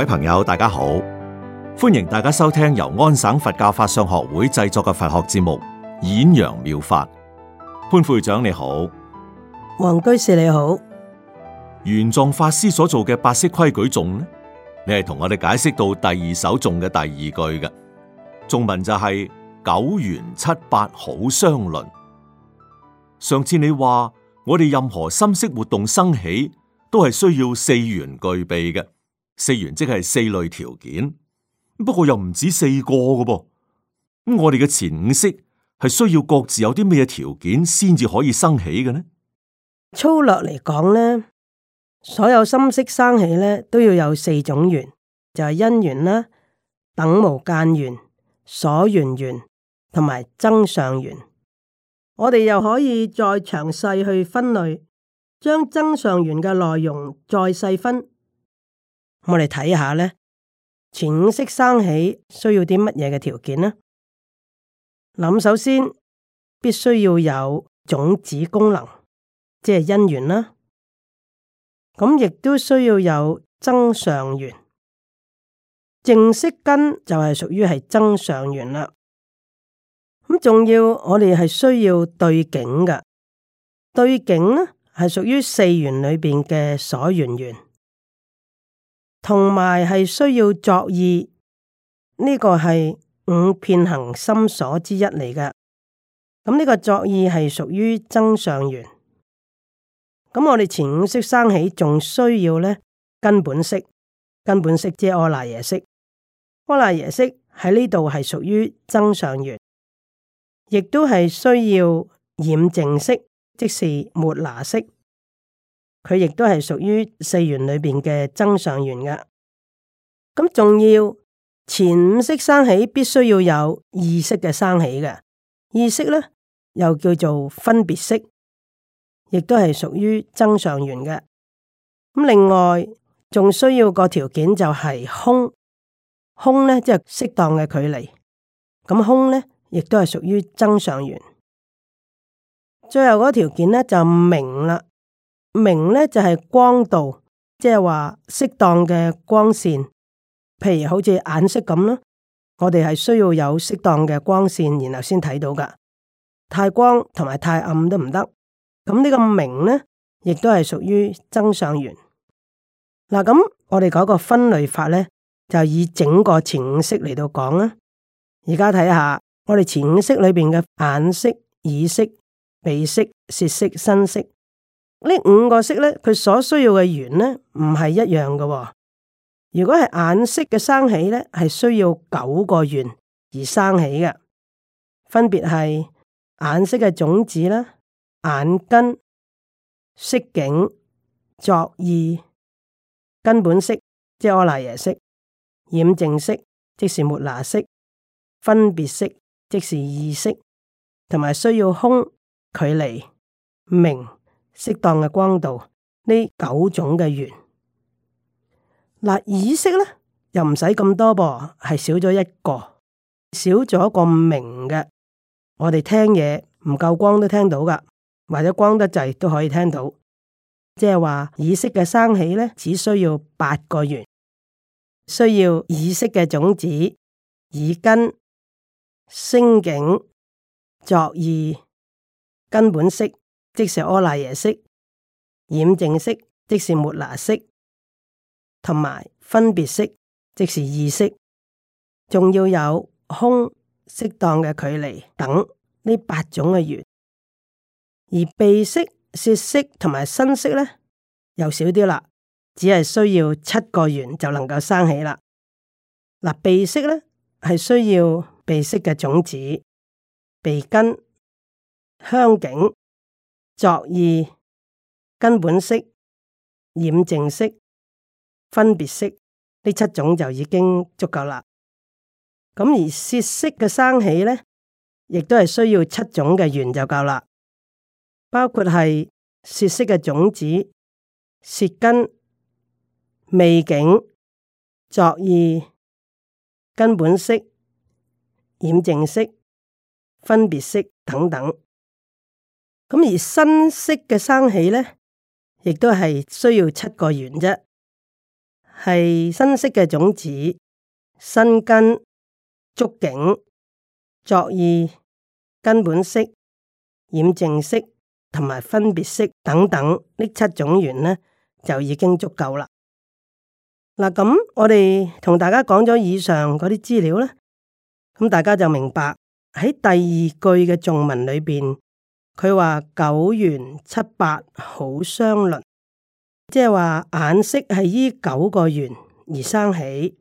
各位朋友，大家好，歡迎大家收聽由安省佛教法相學會製作嘅佛學節目《演揚妙，妙法》。潘副會長你好，黃居士你好。玄奘法師所做嘅八識規矩頌呢，你係同我哋解釋到第二首頌嘅第二句嘅頌文就係、是、九緣七八好相鄰。上次你話我哋任何心識活動生起都係需要四緣具備嘅。四緣即係四類條件，不過又唔止四個嘅噃。咁我哋嘅前五識係需要各自有啲咩條件先至可以生起嘅呢？粗略嚟講咧，所有心識生起咧都要有四種緣，就係、是、因緣啦、等無間緣、所緣緣同埋增上緣。我哋又可以再詳細去分類，將增上緣嘅內容再細分。我哋睇下咧，前五識生起需要啲乜嘢嘅條件呢？諗首先，必須要有種子功能，即係因緣啦。咁亦都需要有增上緣，淨色根就係屬於係增上緣啦。咁仲要我哋係需要對境嘅，對境呢係屬於四緣裏邊嘅所緣緣。同埋係需要作意，呢、這個係五遍行心所之一嚟嘅。咁、這、呢個作意係屬於增上緣。咁我哋前五識生起，仲需要咧根本識，根本識即阿賴耶識。阿賴耶識喺呢度係屬於增上緣，亦都係需要染淨識，即是末那識。佢亦都係屬於四緣裏面嘅增上緣噶，咁仲要前五識生起，必須要有意識嘅生起嘅，意識呢又叫做分別識，亦都係屬於增上緣嘅。咁另外仲需要個條件就係空，空呢即係適當嘅距離，咁空呢亦都係屬於增上緣。最後嗰條件呢就明啦。明呢就係、是、光度，即係話適當嘅光線，譬如好似眼色咁啦，我哋係需要有適當嘅光線，然後先睇到噶，太光同埋太暗都唔得。咁呢個明呢，亦都係屬於增上緣。嗱，咁我哋嗰個分類法呢，就以整個前五色嚟到講啦。而家睇下我哋前五色裏邊嘅眼色、耳色、鼻色、舌色，色，色、身色。呢五個識咧，佢所需要嘅緣咧，唔係一樣嘅㗎喎。如果係眼識嘅生起咧，係需要九個緣而生起嘅，分別係眼識嘅種子啦、眼根、色境、作意、根本識，即係阿賴耶識、染淨識，即是末那識、分別識，即是意識，同埋需要空、距離、明。適當嘅光度，呢九種嘅緣，嗱，耳識咧又唔使咁多噃，係少咗一個，少咗個明嘅。我哋聽嘢唔夠光都聽到噶，或者光得滯都可以聽到。即係話耳識嘅生起咧，只需要八個緣，需要耳識嘅種子、耳根、聲境、作意、根本識。即是阿賴耶識，染淨識，即是末那識，同埋分別識，即是意識，仲要有空適當嘅距離等呢八種嘅緣。而鼻識、舌識同埋身識咧，又少啲啦，只係需要七個緣就能夠生起啦。嗱，鼻識咧係需要鼻識嘅種子、鼻根、香境、作意、根本識、染淨識、分別識呢七種就已經足夠啦。咁而舌識嘅生起咧，亦都係需要七種嘅緣就夠啦，包括係舌識嘅種子、舌根、味境、作意、根本識、染淨識、分別識等等。咁而身識嘅生起咧，亦都係需要七個緣啫，係身識嘅種子、身根、觸境、作意、根本識、染淨識同埋分別識等等呢七種緣呢，就已經足夠啦。嗱，咁我哋同大家講咗以上嗰啲資料呢，咁大家就明白喺第二句嘅頌文裏面。佢話九緣七八好相鄰，即係話眼識係依九個緣而生起，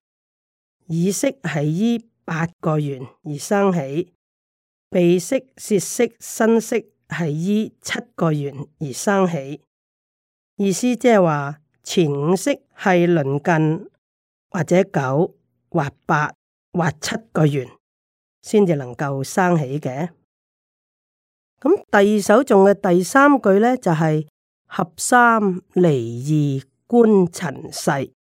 耳識係依八個緣而生起，鼻識舌識身識係依七個緣而生起。意思即係話前五識係鄰近或者九或八或七個緣先至能夠生起嘅。咁第二首頌嘅第三句呢，就係、是、合三離二觀塵世。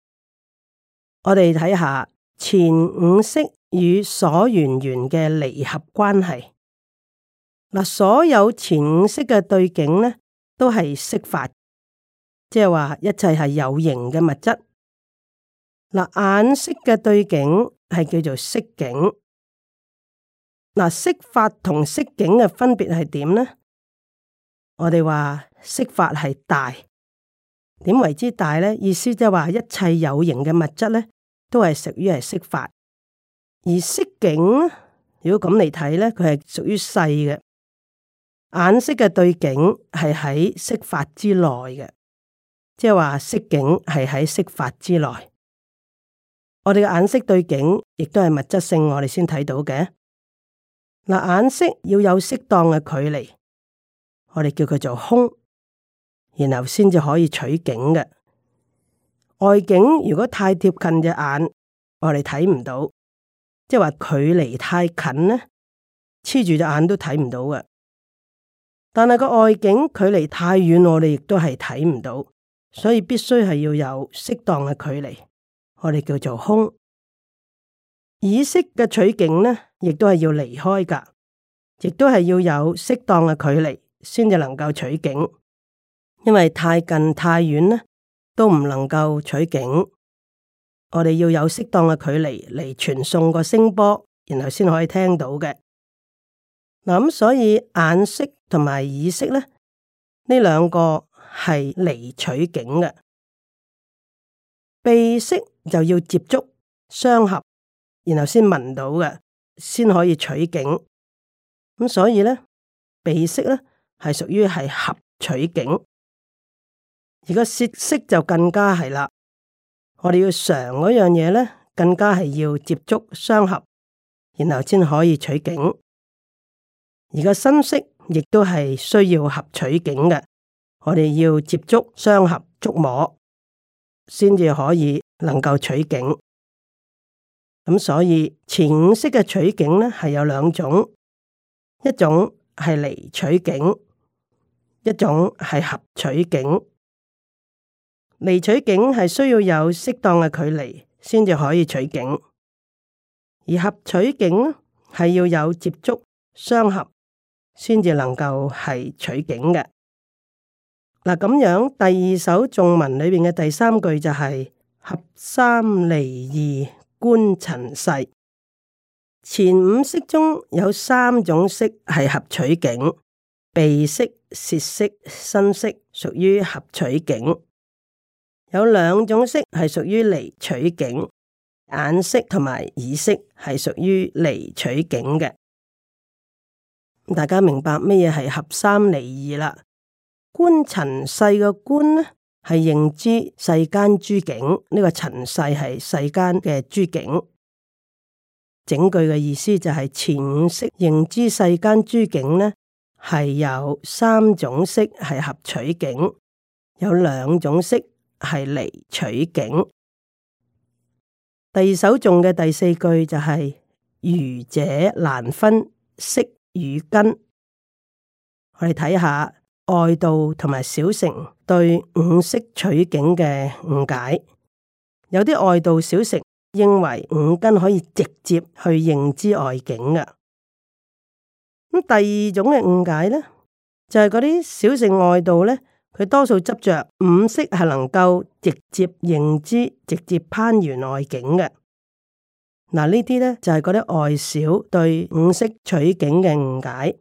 我哋睇下前五識與所緣緣嘅離合關係。嗱，所有前五識嘅對境呢，都係色法，即係話一切係有形嘅物質。嗱，眼識嘅對境係叫做色境。嗱，色法同色境嘅分別係點呢？我哋話色法係大，點為之大呢？意思即係話一切有形嘅物質呢，都係屬於係色法。而色境，如果咁嚟睇呢，佢係屬於細嘅。眼色嘅對境係喺色法之內嘅，即係話色境係喺色法之內。我哋嘅眼色對境亦都係物質性，我哋先睇到嘅。嗱，眼色要有適當嘅距離，我哋叫佢做空，然後先至可以取景嘅。外景如果太貼近隻眼，我哋睇唔到，即係話距離太近咧，黐住隻眼都睇唔到嘅。但係個外景距離太遠，我哋亦都係睇唔到，所以必須係要有適當嘅距離，我哋叫做空。以色嘅取景咧。亦都係要離開噶，亦都係要有適當嘅距離先至能夠取境，因為太近太遠呢，都唔能夠取境。我哋要有適當嘅距離嚟傳送個聲波，然後先可以聽到嘅。嗱、嗯、咁，所以眼識同埋耳識呢，呢兩個係嚟取境嘅，鼻識就要接觸相合，然後先聞到嘅。先可以取境，咁所以咧鼻識咧係屬於係合取境，而個舌識就更加係啦。我哋要嘗嗰樣嘢咧，更加係要接觸雙合，然後先可以取境。而個身識亦都係需要合取境嘅，我哋要接觸雙合，觸摸先至可以能夠取境。咁所以前五識嘅取境呢，係有兩種，一種係離取境，一種係合取境。離取境係需要有適當嘅距離，先至可以取境；而合取境咧係要有接觸相合，先至能夠係取境嘅。嗱，咁樣第二首頌文裏邊嘅第三句就係「合三離二」。觀塵世，前五識中有三種識係合取境，鼻識、舌識、身識屬於合取境。有兩種識係屬於離取境，眼識同埋耳識係屬於離取境嘅。大家明白乜嘢係合三離二啦？觀塵世嘅觀呢？係認知世間諸境，呢、這個塵世係世間嘅諸境。整句嘅意思就係、是、前五識認知世間諸境呢，係有三種識係合取境，有兩種識係離取境。第二首頌嘅第四句就係、是、愚者難分色與根，我哋睇下。外道同埋小乘對五色取景嘅誤解，有啲外道小乘認為五根可以直接去認知外境嘅。咁第二種嘅誤解咧，就係嗰啲小乘外道咧，佢多數執着五色係能夠直接認知、直接攀緣外境嘅。嗱呢啲咧就係嗰啲外小對五色取景嘅誤解。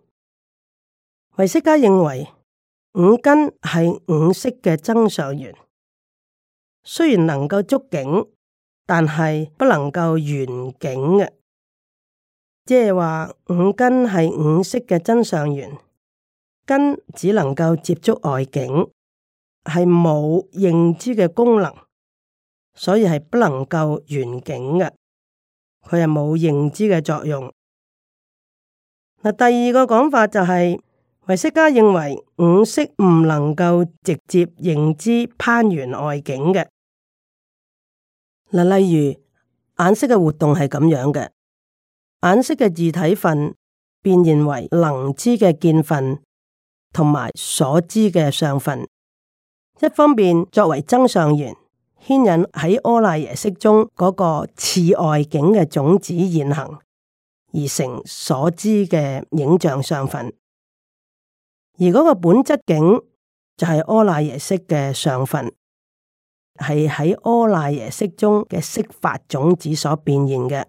唯識家認為。五根係五識嘅真相緣，雖然能夠觸景，但係不能夠緣景嘅。即係話五根係五識嘅真相緣，根只能夠接觸外景，係冇認知嘅功能，所以係不能夠緣景嘅。佢係冇認知嘅作用。嗱，第二個講法就係、是。唯識家認為五識唔能夠直接認知攀緣外境嘅。例如眼識嘅活動係咁樣嘅，眼識嘅自體分變現為能知嘅見分，同埋所知嘅相分。一方面作為增上緣，牽引喺阿賴耶識中嗰個似外境嘅種子現行，而成所知嘅影像相分。而嗰個本質境就係阿賴耶識嘅相分，係喺阿賴耶識中嘅色法種子所變現嘅。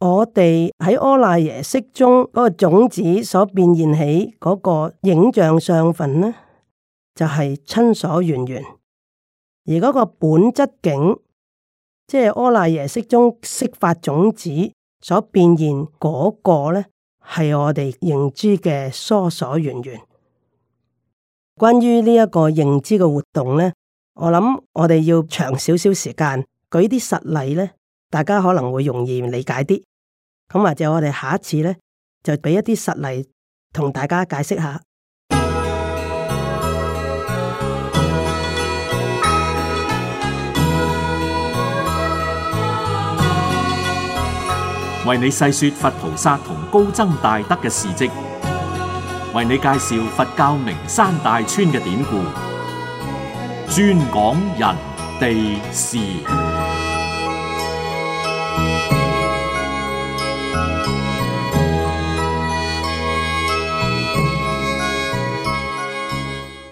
我哋喺阿賴耶識中嗰個種子所變現起嗰個影像相分，呢，就係親所緣緣。而嗰個本質境，即係阿賴耶識中色法種子所變現嗰個呢，係我哋認知嘅疏所緣緣。關於呢一個認知嘅活動咧，我諗我哋要長少少時間舉啲實例咧，大家可能會容易理解啲。咁或者我哋下一次咧，就畀一啲實例同大家解釋下。為你細說佛菩薩同高僧大德嘅事跡，為你介紹佛教名山大川嘅典故，專講人地事。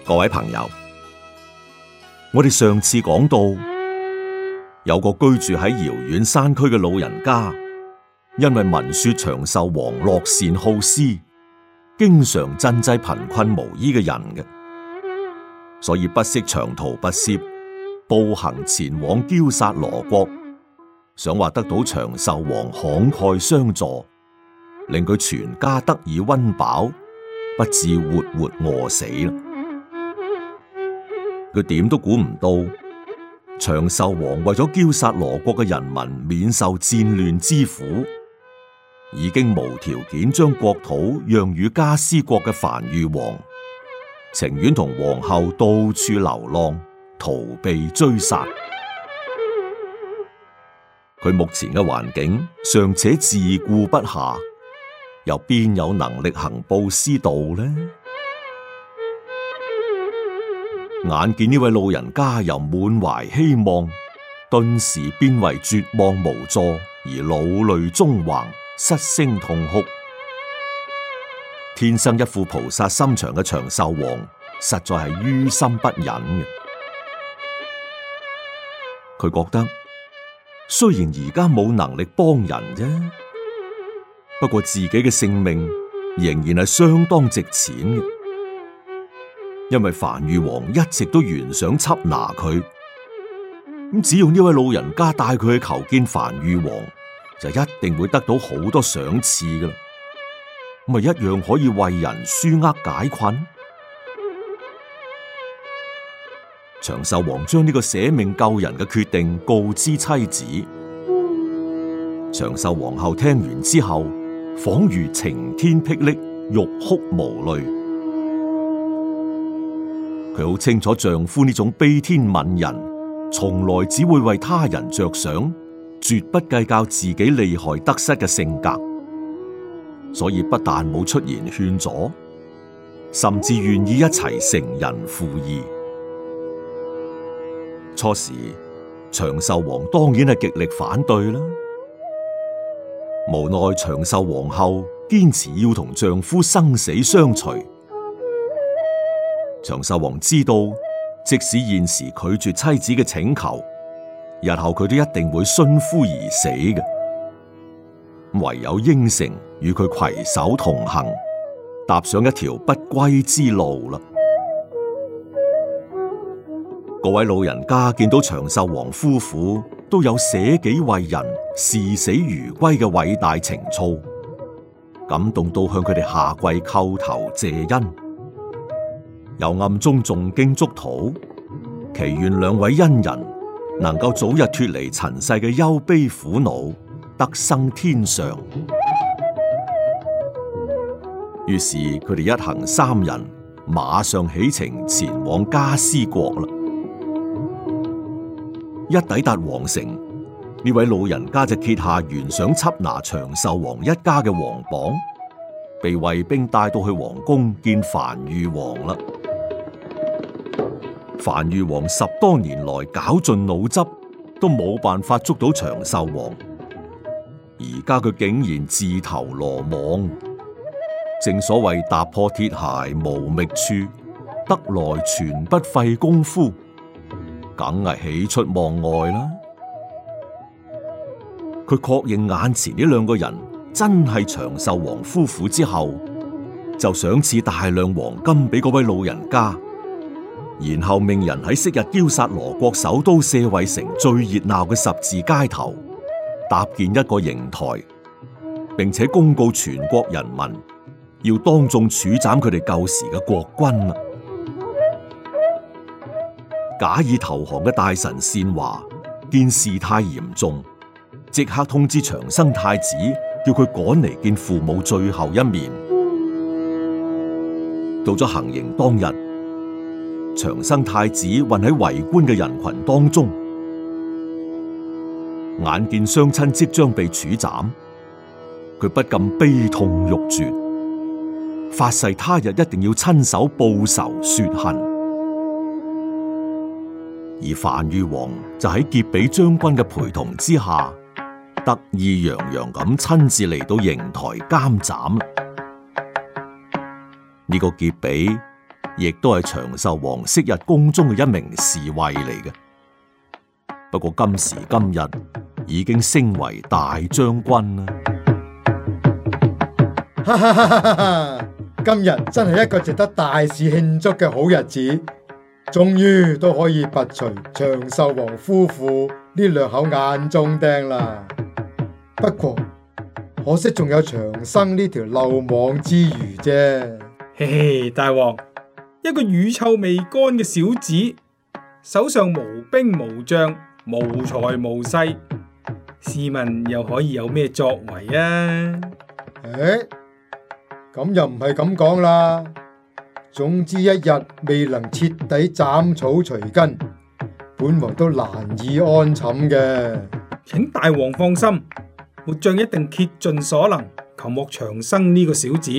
各位朋友，我哋上次講到，有個居住喺遙遠山區嘅老人家。因為聞說長壽王樂善好施，經常賑濟貧困無依嘅人嘅，所以不惜長途跋涉，步行前往焦殺羅國，想話得到長壽王慷慨相助，令佢全家得以溫飽，不至活活餓死。佢點都估唔到，長壽王為咗焦殺羅國嘅人民免受戰亂之苦。已經無條件將國土讓予加思國嘅凡裕王，情願同皇后到處流浪，逃避追殺。佢目前嘅環境尚且自顧不下，又邊有能力行布施道呢？眼見呢位老人家又滿懷希望，頓時變為絕望無助，而老淚縱橫。失聲痛哭，天生一副菩薩心腸嘅長壽王，實在係於心不忍嘅。佢覺得雖然而家冇能力幫人啫，不過自己嘅性命仍然係相當值錢嘅，因為樊玉王一直都原想緝拿佢，咁只要呢位老人家帶佢去求見樊玉王。就一定會得到好多賞賜噶啦，咁咪一樣可以為人紓厄解困。 長壽王將呢個捨命救人嘅決定告知妻子， 長壽皇后聽完之後，恍如晴天霹靂，欲哭無淚。佢好清楚丈夫呢種悲天憫人，從來只會為他人着想。絕不計較自己利害得失嘅性格，所以不但冇出言勸阻，甚至願意一齊成仁赴義。初時，長壽王當然係極力反對啦。無奈長壽王后堅持要同丈夫生死相隨，長壽王知道，即使現時拒絕妻子嘅請求。日後佢都一定會殉夫而死嘅，唯有應承與佢携手同行，踏上一條不歸之路啦。 各位老人家見到長壽王夫婦都有捨己為人、視死如歸嘅偉大情操，感動到向佢哋下跪叩頭謝恩，又暗中誦經祝禱，祈願兩位恩人。能夠早日脫離塵世嘅憂悲苦惱，得生天上。於是佢哋一行三人馬上起程前往迦尸國啦。一抵達皇城，呢位老人家就揭下懸賞緝拿長壽王一家嘅黃榜，被衛兵帶到去皇宮見梵豫王啦。梵豫王十多年來絞盡腦汁，都冇辦法捉到長壽王。而家佢竟然自投羅網，正所謂踏破鐵鞋無覓處，得來全不費工夫，梗係喜出望外啦！佢確認眼前呢兩個人真係長壽王夫婦之後，就賞賜大量黃金俾嗰位老人家。然後命人喺昔日憍薩羅國首都舍衛城最熱鬧嘅十字街頭搭建一個刑台，並且公告全國人民要當眾處斬佢哋舊時嘅國君啦。假意投降嘅大臣善華見事態嚴重，即刻通知長生太子，叫佢趕嚟見父母最後一面。到咗行刑當日。長生太子混喺圍觀嘅人群當中，眼見雙親即將被處斬，佢不禁悲痛欲絕，發誓他日一定要親手報仇雪恨。而梵豫王就喺劫比將軍嘅陪同之下，得意洋洋咁親自嚟到刑台監斬。呢個劫比。亦都係長壽王昔日宮中嘅一名侍衛嚟嘅，不過今時今日已經升為大將軍啦！哈哈哈哈哈！今日真係一個值得大肆慶祝嘅好日子，終於都可以拔除長壽王夫婦呢兩口眼中釘啦。不過可惜仲有長生呢條漏網之魚啫。嘿嘿，大王。一個乳臭未乾嘅小子，手上無兵無將，無財無勢，試問又可以有咩作為啊？誒、欸，咁又唔係咁講啦。總之一日未能徹底斬草除根，本王都難以安寢嘅。請大王放心，末將一定竭盡所能，擒獲長生呢個小子，.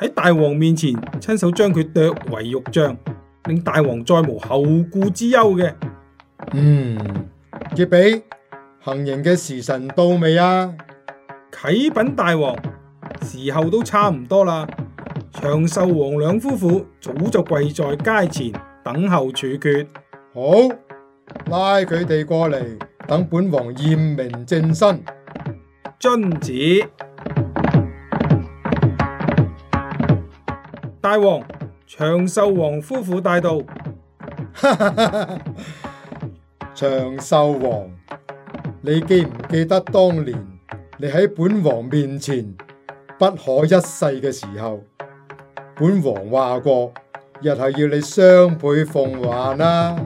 喺大王面前親手將佢剁為肉醬，令大王再無後顧之憂嘅。嗯，杰比，行刑嘅時辰到未啊？啟禀大王，時候都差唔多啦。長壽王兩夫婦早就跪在街前等候處決。好，拉佢哋過嚟，等本王驗明正身。遵旨。大王，長壽王夫婦帶到， 長壽王，你記唔記得當年你喺本王面前不可一世嘅時候，本王話過日後要你雙倍奉還啦，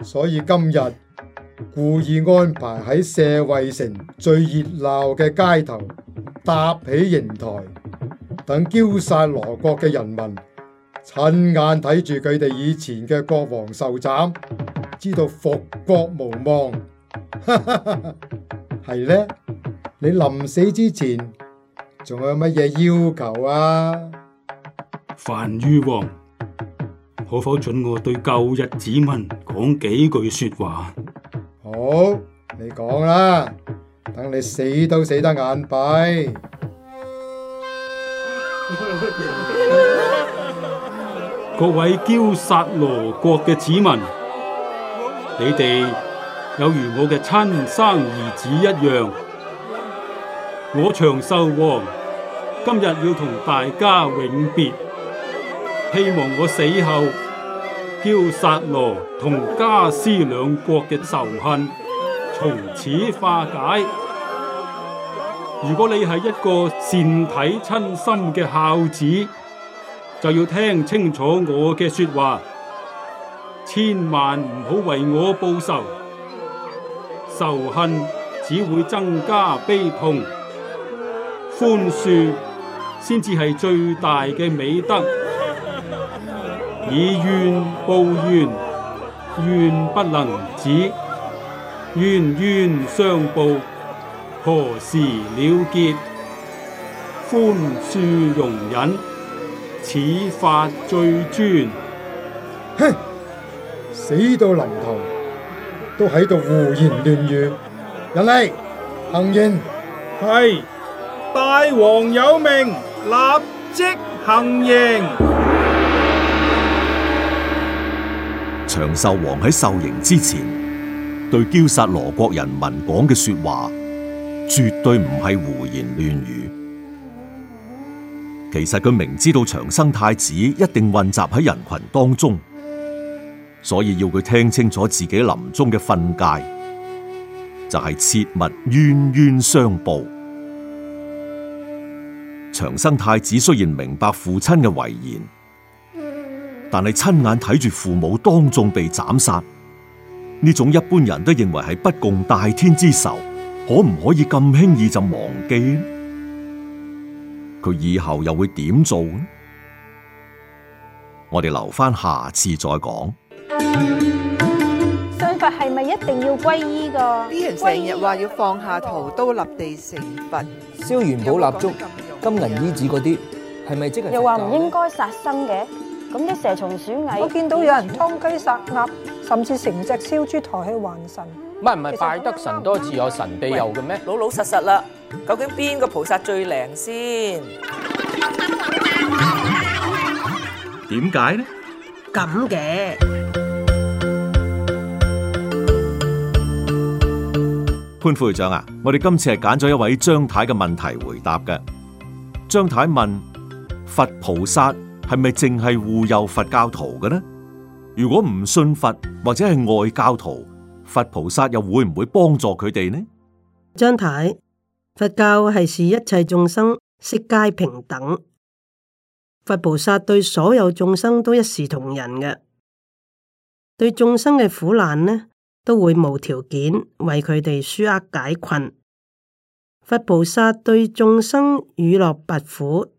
所以今日故意安排喺舍衛城最熱鬧嘅街頭搭起刑台。等憍薩羅國嘅人民，親眼睇住佢哋以前嘅國王受斬，知道復國無望。係 呢，你臨死之前仲有乜嘢要求啊？梵豫王，可否准我對舊日子民講幾句說話？好，你講啦，等你死都死得眼閉。各位憍薩羅國嘅子民，你哋有如我嘅親生兒子一樣。我長壽王今日要同大家永別，希望我死後，憍薩羅同迦尸兩國嘅仇恨從此化解。如果你係一個善體親心嘅孝子，就要聽清楚我嘅説話，千萬唔好為我報仇，仇恨只會增加悲痛，寬恕先至係最大嘅美德。以怨報怨，怨不能止，冤冤相報。何時了結？寬恕容忍，此法最尊。哼！死到臨頭都喺度胡言亂語。人嚟，行刑。係，大王有命，立即行刑。長壽王喺受刑之前，對憍薩羅國人民講嘅說話。絕對唔係胡言亂語。其實佢明知道長生太子一定混雜喺人群當中，所以要佢聽清楚自己臨終嘅訓誡，就係、是、切勿冤冤相報。長生太子雖然明白父親嘅遺言，但係親眼睇住父母當眾被斬殺，呢種一般人都認為係不共戴天之仇。可唔可以咁輕易就忘記？佢以後又會點做呢？我哋留翻下，下次再講。信佛係咪一定要皈依噶？啲人成日話要放下屠刀立地成佛，燒元寶蠟燭、金銀衣紙嗰啲，係咪、嗯、即係？又話唔應該殺生嘅，咁啲蛇蟲鼠蟻，我見到有人殺雞殺鴨，嗯、甚至成隻燒豬抬去還神。唔係唔係，拜得神多自有神庇佑嘅咩？老老實實啦，究竟邊個菩薩最靈先？點解呢？咁嘅潘副會長啊，我哋今次係揀咗一位張太嘅問題回答嘅。張太問：佛菩薩係咪淨係護佑佛教徒嘅呢？如果唔信佛或者係外教徒？佛菩薩又會唔會幫助佢哋呢？張太，佛教係視一切眾生悉皆平等，佛菩薩對所有眾生都一視同仁嘅，對眾生嘅苦難呢，都會無條件為佢哋紓壓解困。佛菩薩對眾生與樂拔苦，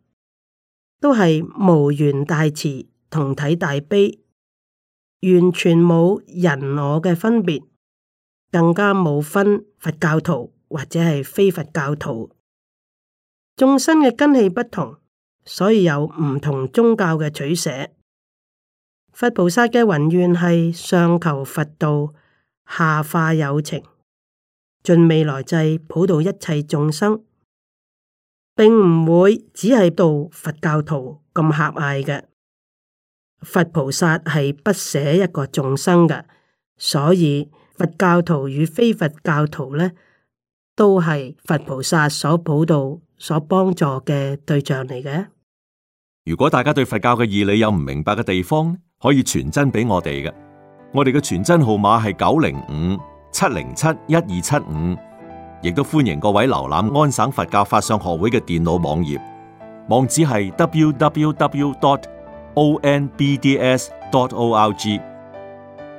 都係無緣大慈，同體大悲，完全冇人我嘅分別。更加冇分佛教徒或者係非佛教徒，眾生嘅根器不同，所以有唔同宗教嘅取捨。佛菩薩嘅宏願係上求佛道，下化有情，盡未來際普度一切眾生，並唔會只係度佛教徒咁狹隘嘅。佛菩薩係不捨一個眾生嘅，所以。佛教徒與非佛教徒咧，都係佛菩薩所普渡、所幫助嘅對象嚟嘅。如果大家對佛教嘅義理有唔明白嘅地方，可以傳真俾我哋嘅。我哋嘅傳真號碼係九零五七零七一二七五，亦都歡迎各位瀏覽安省佛教法相學會嘅電腦網頁，網址係 w w w dot o n b d s dot o r g。